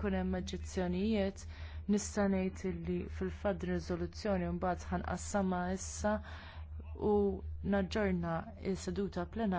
kun hemm oġġezzjonijiet, nista' ngħid illi fil-fatt riżoluzzjoni mbagħad ħanqassamha issa u naġġorna s seduta plenarja.